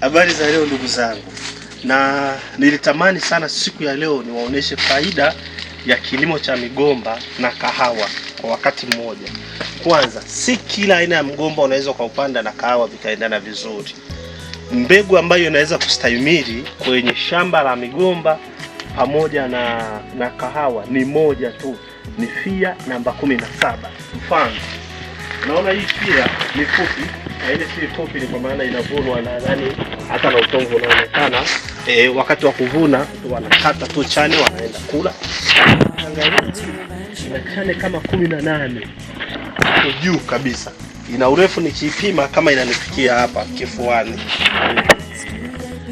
Habari za leo ndugu zangu, na nilitamani sana siku ya leo niwaoneshe faida ya kilimo cha migomba na kahawa kwa wakati mmoja. Kwanza, si kila aina ya mgomba unaweza ukaupanda na kahawa vikaendana vizuri. Mbegu ambayo inaweza kustahimili kwenye shamba la migomba pamoja na, na kahawa ni moja tu, ni fia namba kumi na saba. Mfano Naona hii pia ni fupi, na ile si fupi ni kwa maana inavunwa na nani, hata na utongo unaonekana. E, wakati wa kuvuna wanakata tu chane wanaenda kula. na chane kama kumi na nane juu kabisa, ina urefu nikiipima kama inanifikia hapa kifuani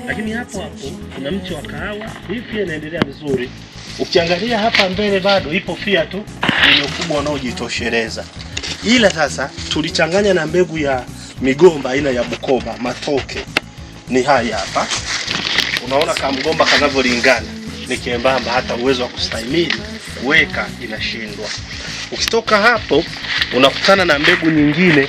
lakini hapo hapo kuna mti wa kahawa, hii pia inaendelea vizuri. Ukiangalia hapa mbele bado ipo pia tu yenye ukubwa unaojitosheleza ila sasa tulichanganya na mbegu ya migomba aina ya Bukoba matoke. Ni haya hapa, unaona kama mgomba kanavyolingana, ni kiembamba, hata uwezo wa kustahimili kuweka inashindwa. Ukitoka hapo, unakutana na mbegu nyingine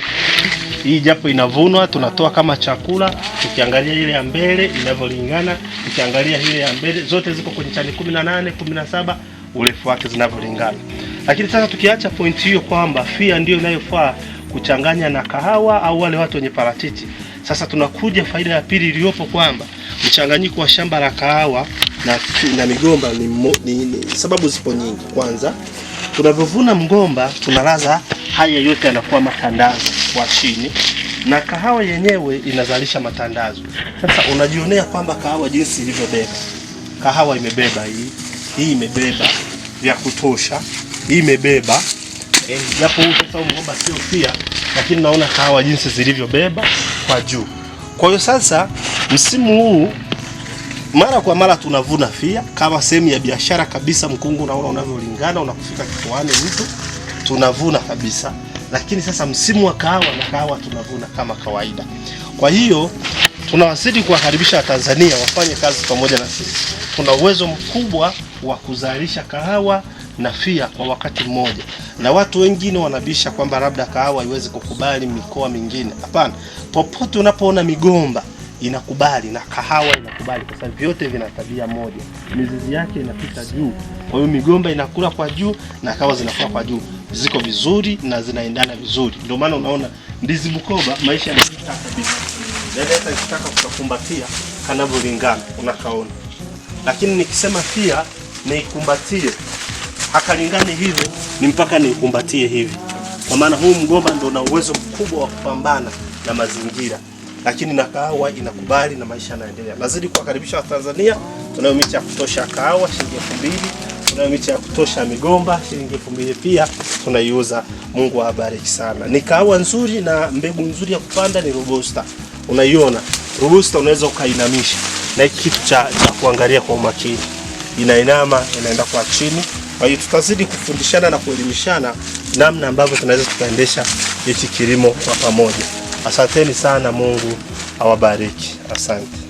hii japo inavunwa tunatoa kama chakula. Tukiangalia ile ya mbele inavyolingana, tukiangalia ile ya mbele, zote ziko kwenye chani 18 17, urefu wake zinavyolingana. Lakini sasa tukiacha pointi hiyo kwamba fia ndio inayofaa kuchanganya na kahawa au wale watu wenye parachichi, sasa tunakuja faida ya pili iliyopo kwamba mchanganyiko wa shamba la kahawa na, na migomba ni, ni, ni sababu zipo nyingi. Kwanza, tunavyovuna mgomba tunalaza haya yote yanakuwa matandazo kwa chini na kahawa yenyewe inazalisha matandazo. Sasa unajionea kwamba kahawa jinsi ilivyobeba, kahawa imebeba hii, hii imebeba vya kutosha imebeba eh, japo e, sasa mgomba sio pia, lakini naona kahawa jinsi zilivyobeba kwa juu. Kwa hiyo sasa msimu huu mara kwa mara tunavuna fia kama sehemu ya biashara kabisa. Mkungu naona unavyolingana unakufika kifuani mtu, tunavuna kabisa. Lakini sasa msimu wa kahawa na kahawa tunavuna kama kawaida. Kwa hiyo tunawazidi kuwakaribisha Watanzania wafanye kazi pamoja na sisi. Tuna uwezo mkubwa wa kuzalisha kahawa na fia kwa wakati mmoja, na watu wengine wanabisha kwamba labda kahawa haiwezi kukubali mikoa mingine. Hapana, popote unapoona migomba inakubali na kahawa inakubali, kwa sababu vyote vina tabia moja, mizizi yake inapita juu. Kwa hiyo migomba inakula kwa juu na kahawa zinakula kwa juu, ziko vizuri na zinaendana vizuri. Ndio maana unaona ndizi Bukoba maisha yanapita kabisa, yaani hata ikitaka kukumbatia kanavyolingana unakaona. Lakini nikisema pia niikumbatie akalingani hivi, ni mpaka nikumbatie hivi, kwa maana huu mgomba ndio na uwezo mkubwa wa kupambana na mazingira, lakini na kahawa inakubali na maisha yanaendelea. Nazidi kuwakaribisha Watanzania, tunayo miti ya kutosha kahawa shilingi elfu mbili tunayo miti ya kutosha migomba shilingi elfu mbili pia tunaiuza. Mungu awabariki sana. Ni kahawa nzuri na mbegu nzuri ya kupanda ni robusta, unaiona robusta, unaweza ukainamisha na hiki kitu cha, cha kuangalia kwa umakini, inainama inaenda kwa chini kwa hiyo tutazidi kufundishana na kuelimishana namna ambavyo tunaweza tukaendesha hichi kilimo kwa pamoja. Asanteni sana, Mungu awabariki. Asante.